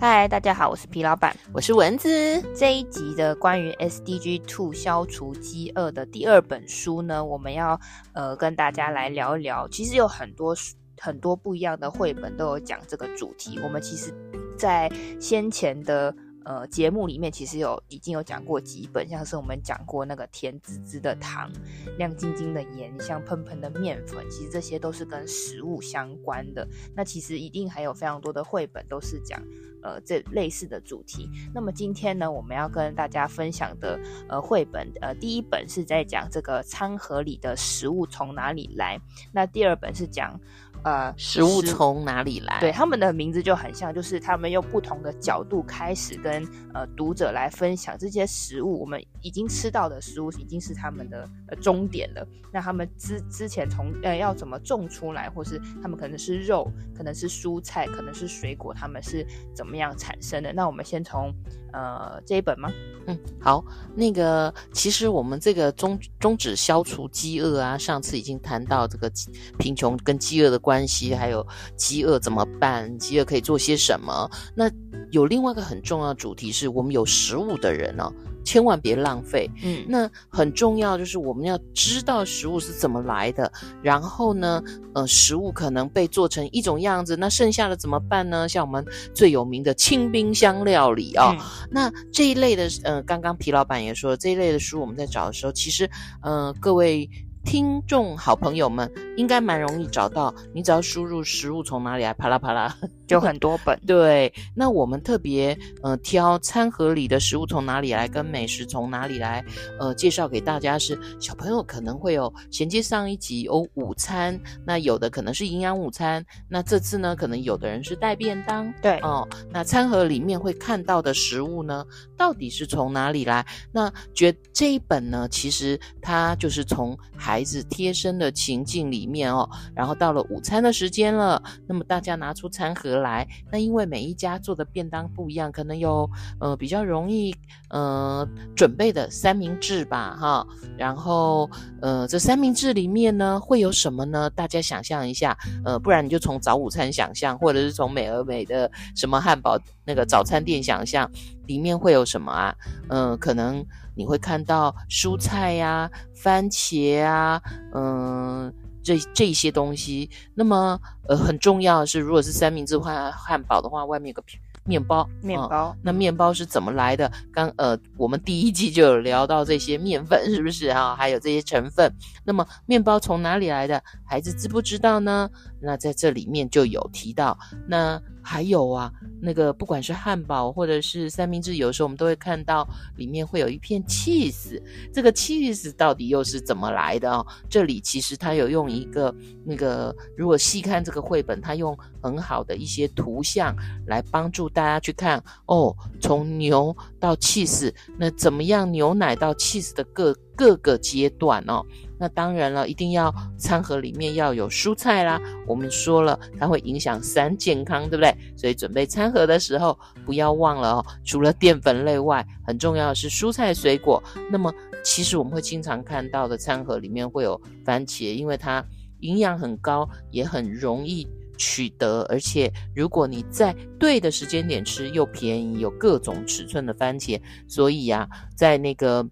嗨，Hi, 大家好，我是皮老板，我是蚊子。這一集的關於 SDG 2消除飢餓的第二本書呢，我們要呃跟大家來聊一聊。其實有很多書，很多不一樣的繪本都有講這個主題。我們其實在先前的。呃，節目裡面其實有已經有講過幾本，像是我們講過那個甜滋滋的糖、亮晶晶的鹽香、香噴噴的麵粉，其實這些都是跟食物相關的。那其實一定還有非常多的繪本都是講呃這類似的主題。那麼今天呢，我們要跟大家分享的呃繪本，呃第一本是在講這個餐盒裡的食物從哪裡來，那第二本是講。呃，食物從哪裡來？對，他們的名字就很像，就是他們用不同的角度開始跟呃讀者來分享這些食物。我們已經吃到的食物已經是他們的呃終點了。那他們之之前從呃要怎麼種出來，或是他們可能是肉，可能是蔬菜，可能是水果，他們是怎麼樣產生的？那我們先從。呃，這一本嗎？嗯，好，那個其實我們這個終終止消除飢餓啊，上次已經談到這個貧，貧窮跟飢餓的關係，還有飢餓怎麼辦，飢餓可以做些什麼。那有另外一個很重要的主題是，我們有食物的人呢啊。千萬別浪費。嗯，那很重要，就是我們要知道食物是怎麼來的。然後呢，呃，食物可能被做成一種樣子，那剩下的怎麼辦呢？像我們最有名的清冰箱料理啊，哦，嗯，那這一類的，呃，剛剛皮老板也說了，這一類的書我們在找的時候，其實，呃，各位聽眾好朋友們應該蠻容易找到，你只要輸入食物從哪裡來，啪啦啪啦。有很多本、嗯、對，那我們特別呃挑餐盒裡的食物從哪裡來，跟食物從哪裡來，呃介紹給大家，是小朋友可能會有、哦、銜接上一集有午餐，那有的可能是營養午餐，那這次呢可能有的人是帶便當，對哦，那餐盒裡面會看到的食物呢到底是從哪裡來？那覺這一本呢，其實它就是從孩子貼身的情境裡面哦，然後到了午餐的時間了，那麼大家拿出餐盒。來，那因為每一家做的便當不一樣，可能有呃比較容易呃準備的三明治吧，哈，然後呃這三明治裡面呢會有什麼呢？大家想象一下，呃，不然你就從早午餐想象，或者是從美而美的什麼漢堡那個早餐店想象，裡面會有什麼啊？呃，可能你會看到蔬菜呀、啊、番茄啊，嗯、呃。這這些東西，那麼呃，很重要的是，如果是三明治或漢堡的話，外面有個麵包，哦、麵包，那麵包是怎麼來的？剛呃，我們第一集就有聊到這些麵粉，是不是啊、哦？還有這些成分，那麼麵包從哪裡來的？孩子知不知道呢？那在這裡面就有提到那。還有啊，那個不管是漢堡或者是三明治，有的時候我們都會看到裡面會有一片 cheese。這個 cheese 到底又是怎麼來的？哦，這裡其實它有用一個那個，如果細看這個繪本，它用很好的一些圖像來幫助大家去看哦，從牛到 cheese，那怎麼樣牛奶到 cheese 的各各個階段哦，那當然了，一定要餐盒裡面要有蔬菜啦。我們說了，它會影響三健康，對不對？所以準備餐盒的時候，不要忘了哦。除了澱粉類外，很重要的是蔬菜水果。那麼，其實我們會經常看到的餐盒裡面會有番茄，因為它營養很高，也很容易取得。而且，如果你在對的時間點吃，又便宜，有各種尺寸的番茄。所以呀，在那個。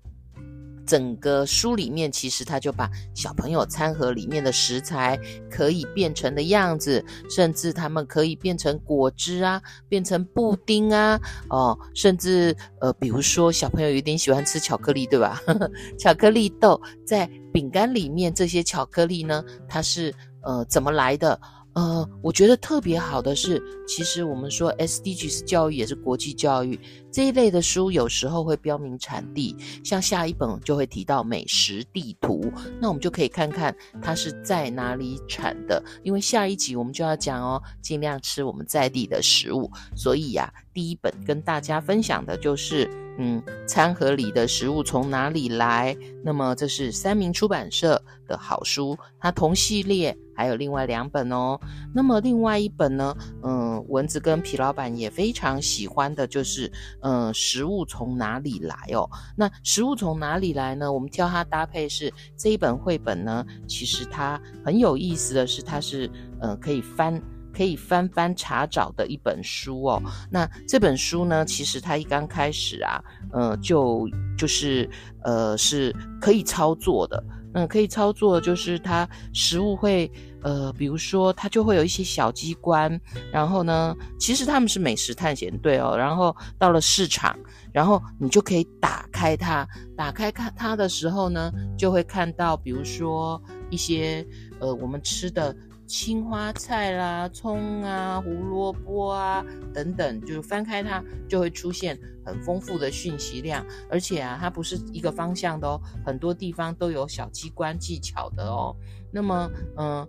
整個書裡面，其實他就把小朋友餐盒裡面的食材可以變成的樣子，甚至他們可以變成果汁啊，變成布丁啊，哦，甚至呃，比如說小朋友有點喜歡吃巧克力，對吧？ 巧克力豆在餅乾裡面，這些巧克力呢，它是呃怎麼來的？呃，我覺得特別好的是，其實我們說 SDGs 教育，也是國際教育。這一類的書有時候會標明產地，像下一本就會提到美食地圖，那我們就可以看看它是在哪裡產的。因為下一集我們就要講哦，儘量吃我們在地的食物。所以呀、啊，第一本跟大家分享的就是，嗯，餐盒裡的食物從哪裡來？那麼這是三民出版社的好書，它同系列還有另外兩本哦。那麼另外一本呢，嗯，蚊子跟皮老板也非常喜歡的就是。呃、嗯，食物從哪裡來哦？那食物從哪裡來呢？我們挑它搭配是這一本繪本呢。其實它很有意思的是，它是呃可以翻可以翻翻查找的一本書哦。那這本書呢，其實它一剛開始啊，呃就就是呃是可以操作的。嗯，可以操作，就是它食物會，呃，比如說它就會有一些小機關，然後呢，其實他們是美食探險隊哦，然後到了市場，然後你就可以打開它，打開看它的時候呢，就會看到，比如說一些，呃，我們吃的。青花菜啦、蔥啊、胡蘿蔔啊等等，就是翻開它就會出現很豐富的訊息量，而且啊，它不是一個方向的哦，很多地方都有小機關技巧的哦。那麼，嗯、呃，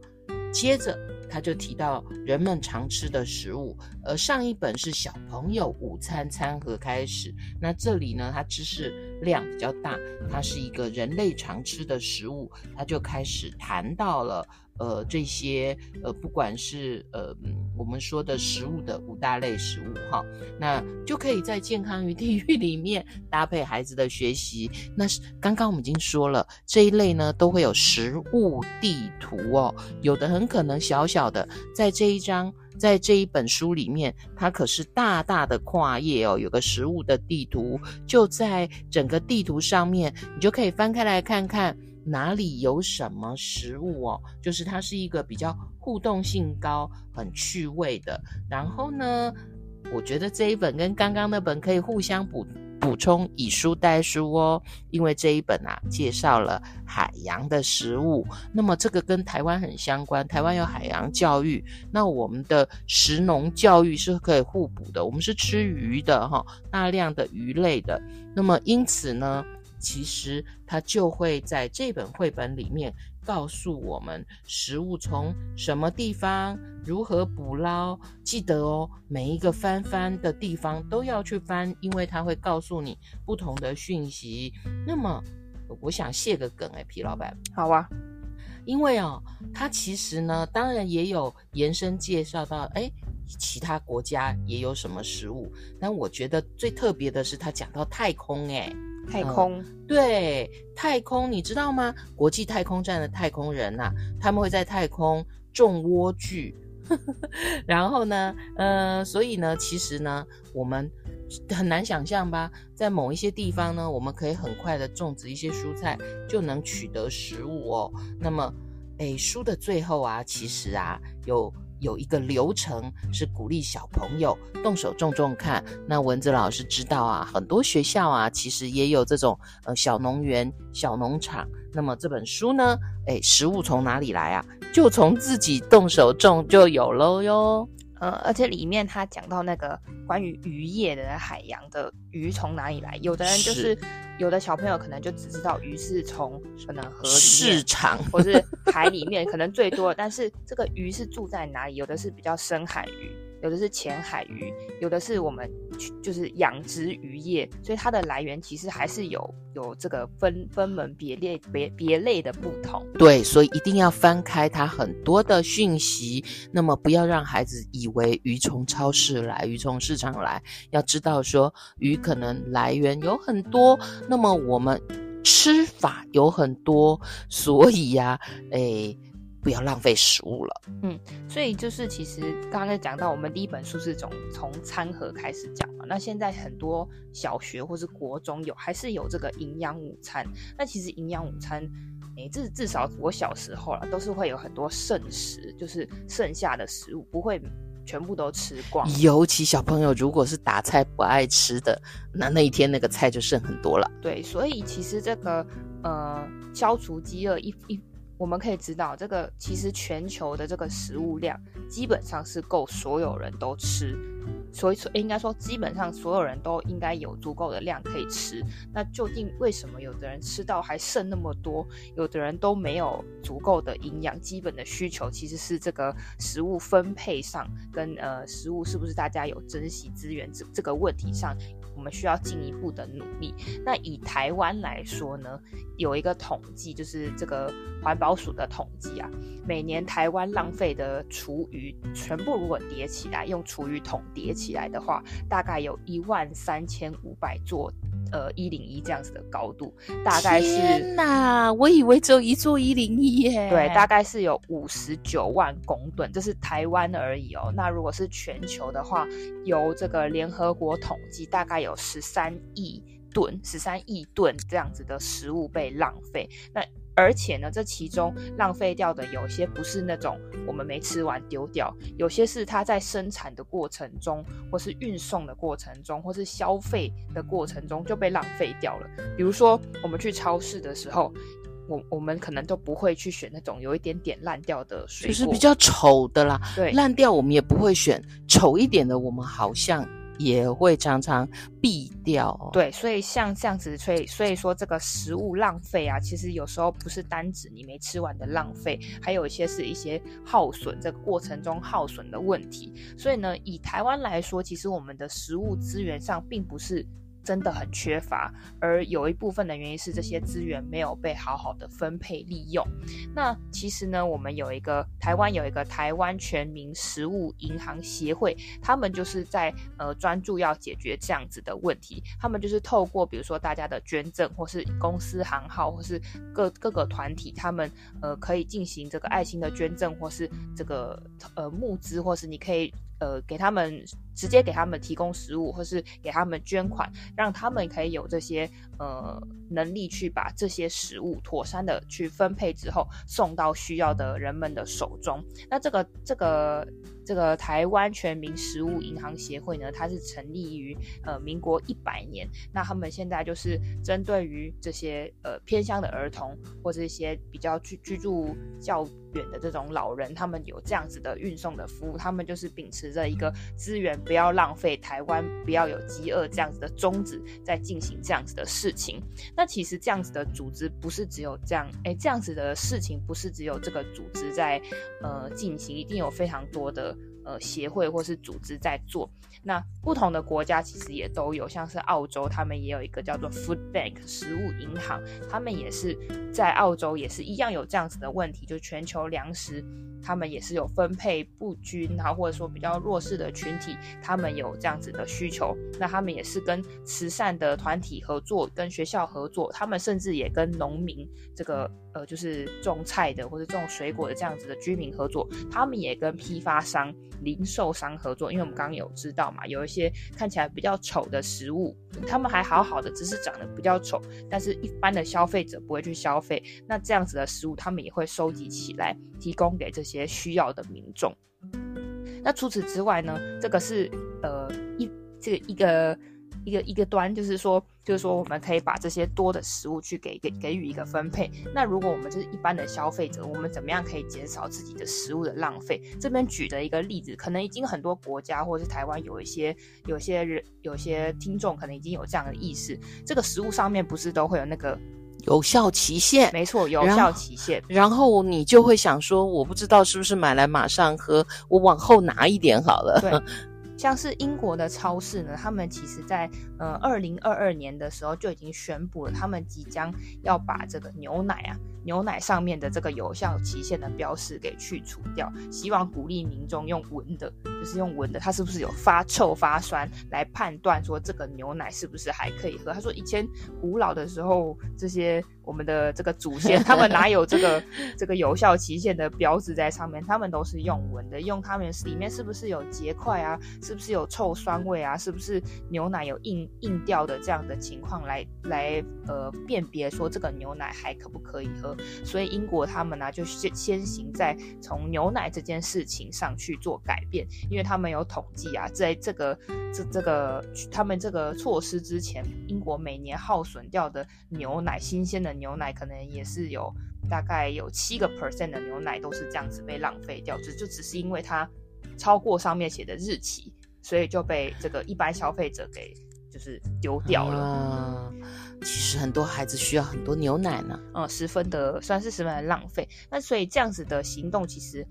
接着。他就提到人們常吃的食物，呃，上一本是小朋友午餐餐盒開始，那這裡呢，它知識量比較大，它是一個人類常吃的食物，他就開始談到了，呃，這些，呃，不管是呃，我們說的食物的五大類食物，哈、哦，那就可以在健康與地域裡面搭配孩子的學習。那剛剛我們已經說了，這一類呢都會有食物地圖哦，有的很可能小小。叫的，在這一張，在這一本書裡面，它可是大大的跨頁哦，有個食物的地圖，就在整個地圖上面，你就可以翻開來看看哪裡有什麼食物哦，就是它是一個比較互動性高、很趣味的。然後呢，我覺得這一本跟剛剛那本可以互相補充。補充，以書帶書哦，因為這一本啊介紹了海洋的食物，那麼這個跟台灣很相關，台灣有海洋教育，那我們的食農教育是可以互補的，我們是吃魚的哈，大量的魚類的，那麼因此呢，其實它就會在這本繪本裡面。告訴我們食物從什麼地方如何捕撈，記得哦，每一個翻翻的地方都要去翻，因為它會告訴你不同的訊息。那麼，我想洩個梗哎，皮老闆，好啊，因為啊、哦，它其實呢，當然也有延伸介紹到哎，其他國家也有什麼食物，但我覺得最特別的是它講到太空哎。太空對，太空，呃、太空你知道嗎？國際太空站的太空人吶、啊，他們會在太空種萵苣， 然後呢，呃，所以呢，其實呢，我們很難想象吧，在某一些地方呢，我們可以很快的種植一些蔬菜，就能取得食物哦。那麼，誒，書的最後啊，其實啊，有。有一個流程是鼓勵小朋友動手種種看。那蚊子老師知道啊，很多學校啊，其實也有這種呃小農園、小農場。那麼這本書呢，誒，食物從哪裡來啊？就從自己動手種就有了喲。呃、嗯，而且裡面他講到那個關於漁業的海洋的魚從哪裡來，有的人就是，是有的小朋友可能就只知道魚是從可能河流、市場或是海裡面 可能最多，但是這個魚是住在哪裡？有的是比較深海魚，有的是淺海魚，有的是我們。就是養殖漁業，所以它的來源其實還是有有這個分分門別類別別類的不同。對，所以一定要翻開它很多的訊息，那麼不要讓孩子以為魚從超市來，魚從市場來，要知道說魚可能來源有很多，那麼我們吃法有很多，所以呀，誒。不要浪費食物了。嗯，所以就是其實剛剛講到，我們第一本書是從從餐盒開始講嘛。那現在很多小學或是國中有還是有這個營養午餐。那其實營養午餐，誒、欸，至至少我小時候了，都是會有很多剩食，就是剩下的食物不會全部都吃光。尤其小朋友如果是打菜不愛吃的，那那一天那個菜就剩很多了。對，所以其實這個呃，消除飢餓一一。我們可以知道，這個其實全球的這個食物量基本上是夠所有人都吃，所以說應該說基本上所有人都應該有足夠的量可以吃。那究竟為什麼有的人吃到還剩那麼多，有的人都沒有足夠的營養？基本的需求其實是這個食物分配上跟呃食物是不是大家有珍惜資源這這個問題上。我們需要進一步的努力。那以台灣來說呢，有一個統計，就是這個環保署的統計啊，每年台灣浪費的廚餘，全部如果疊起來，用廚餘桶疊起來的話，大概有一萬三千五百座，呃，一零一這樣子的高度，大概是，天哪，我以為只有一座一零一耶。對，大概是有五十九萬公噸，這是台灣而已哦。那如果是全球的話，由這個聯合國統計，大概有。有十三億噸，十三億噸這樣子的食物被浪費。那而且呢，這其中浪費掉的有些不是那種我們沒吃完丟掉，有些是它在生產的過程中，或是運送的過程中，或是消費的過程中就被浪費掉了。比如說，我們去超市的時候，我我們可能都不會去選那種有一點點爛掉的水果，就是比較醜的啦。對，爛掉我們也不會選，醜一點的我們好像。也會常常避掉。哦，對，所以像這樣子，所以所以說這個食物浪費啊，其實有時候不是單指你沒吃完的浪費，還有一些是一些耗損這個過程中耗損的問題。所以呢，以台灣來說，其實我們的食物資源上並不是，真的很缺乏，而有一部分的原因是這些資源沒有被好好的分配利用。那其實呢，我們有一個台灣有一個台灣全民食物銀行協會，他們就是在呃專注要解決這樣子的問題。他們就是透過比如說大家的捐贈，或是公司行號，或是各各個團體，他們呃可以進行這個愛心的捐贈，或是這個呃募資，或是你可以呃給他們。直接給他們提供食物，或是給他們捐款，讓他們可以有這些呃能力去把這些食物妥善的去分配之後送到需要的人們的手中。那這個這個這個台灣全民食物銀行協會呢，它是成立於呃民國一百年。那他們現在就是針對於這些呃偏鄉的兒童或是一些比較居居住較遠的這種老人，他們有這樣子的運送的服務。他們就是秉持着一個資源。不要浪費台灣，不要有飢餓這樣子的宗旨，在進行這樣子的事情。那其實這樣子的組織不是只有這樣，哎，這樣子的事情不是只有這個組織在，呃，進行，一定有非常多的。呃，協會或是組織在做，那不同的國家其實也都有，像是澳洲，他們也有一個叫做 Food Bank 食物銀行，他們也是在澳洲也是一樣有這樣子的問題，就全球糧食，他們也是有分配不均，然後或者說比較弱勢的群體，他們有這樣子的需求，那他們也是跟慈善的團體合作，跟學校合作，他們甚至也跟農民這個呃就是種菜的或者種水果的這樣子的居民合作，他們也跟批發商、零售商合作，因為我們剛剛有知道嘛，有一些看起來比較醜的食物，他們還好好的，只是長得比較醜，但是一般的消費者不會去消費。那這樣子的食物，他們也會收集起來，提供給這些需要的民眾。那除此之外呢？這個是呃一這個、一個。一個一個端，就是說，就是說，我們可以把這些多的食物去給給給予一個分配。那如果我們就是一般的消費者，我們怎麼樣可以減少自己的食物的浪費？這邊舉的一個例子，可能已經很多國家或者是台灣有一些有些人有些聽眾可能已經有這樣的意識。這個食物上面不是都會有那個有效期限？沒錯，有效期限。然後，然後你就會想說，我不知道是不是買來馬上喝，我往後拿一點好了。對像是英國的超市呢，他們其實在，在呃二零二二年的時候就已經宣布了，他們即將要把這個牛奶啊。牛奶上面的這個有效期限的標識給去除掉，希望鼓勵民眾用聞的，就是用聞的，它是不是有發臭發酸來判斷說這個牛奶是不是還可以喝？他說以前古老的時候，這些我們的這個祖先他們哪有這個 這個有效期限的標誌在上面？他們都是用聞的，用他們裡面是不是有結塊啊？是不是有臭酸味啊？是不是牛奶有硬硬掉的這樣的情況來來呃辨別說這個牛奶還可不可以喝？所以英國他們呢、啊，就先先行在從牛奶這件事情上去做改變，因為他們有統計啊，在這個這這個他們這個措施之前，英國每年耗損掉的牛奶，新鮮的牛奶可能也是有大概有七個 percent 的牛奶都是這樣子被浪費掉，就就只是因為它超過上面寫的日期，所以就被這個一般消費者給就是丟掉了。嗯其實很多孩子需要很多牛奶呢，嗯，十分的算是十分的浪費。那所以這樣子的行動，其實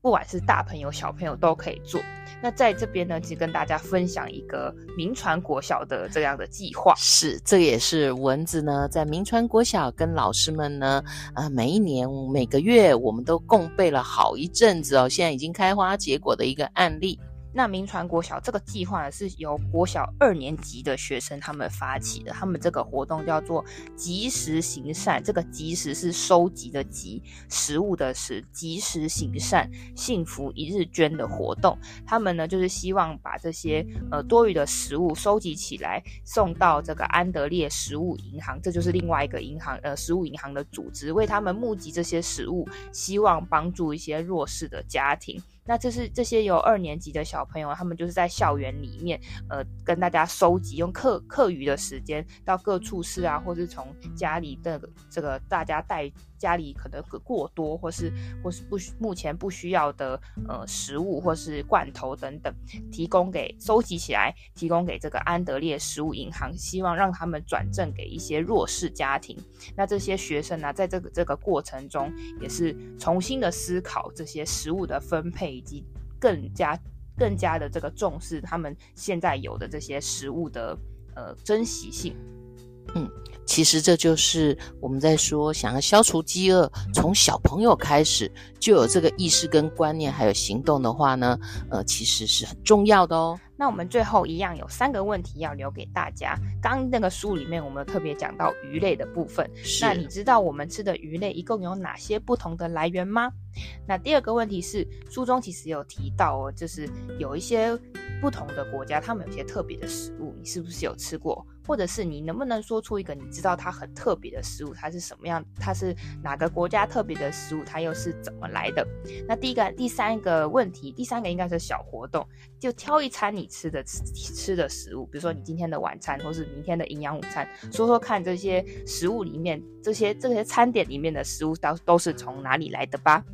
不管是大朋友小朋友，都可以做。那在這邊呢，其實跟大家分享一個銘傳國小的這樣的計劃。是，這也是蚊子呢在銘傳國小跟老師們呢，啊、呃，每一年每個月我們都共備了好一陣子哦，現在已經開花結果的一個案例。那銘傳國小這個計劃呢，是由國小二年級的學生他們發起的。他們這個活動叫做“集食行善”，這個“集食”是收集的“集”，食物的“食”，集食行善，幸福一日捐的活動。他們呢，就是希望把這些呃多餘的食物收集起來，送到這個安德烈食物銀行，這就是另外一個銀行呃食物銀行的組織，為他們募集這些食物，希望幫助一些弱勢的家庭。那這是這些有二年級的小朋友，他們就是在校園裡面，呃，跟大家收集，用課課餘的時間到各處室啊，或是從家裡的這個大家帶。家裡可能可過多，或是或是不目前不需要的呃食物，或是罐頭等等，提供給收集起來，提供給這個安德烈食物銀行，希望讓他們轉贈給一些弱勢家庭。那這些學生呢、啊，在這個這個過程中，也是重新的思考這些食物的分配，以及更加更加的這個重視他們現在有的這些食物的呃珍惜性。嗯，其實這就是我們在說，想要消除飢餓，從小朋友開始就有這個意識跟觀念，還有行動的話呢，呃，其實是很重要的哦。那我們最後一樣有三個問題要留給大家。剛剛那個書裡面我們特別講到魚類的部分，是那你知道我們吃的魚類一共有哪些不同的來源嗎？那第二個問題是，書中其實有提到哦，就是有一些不同的國家，他們有些特別的食物，你是不是有吃過？或者是你能不能說出一個你知道它很特別的食物，它是什麼樣？它是哪個國家特別的食物？它又是怎麼來的？那第一個、第三個問題，第三個應該是小活動，就挑一餐你吃的吃吃的食物，比如說你今天的晚餐，或是明天的營養午餐，說說看這些食物裡面這些這些餐點裡面的食物，到都是從哪裡來的吧？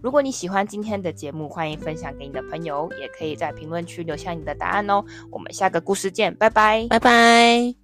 如果你喜歡今天的節目，歡迎分享給你的朋友，也可以在評論區留下你的答案哦。我們下個故事見，拜拜，拜拜。